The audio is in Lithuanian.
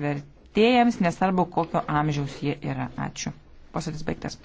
vertėjams, nesvarbu kokio amžiaus jie yra. Ačiū. Posėdis baigtas.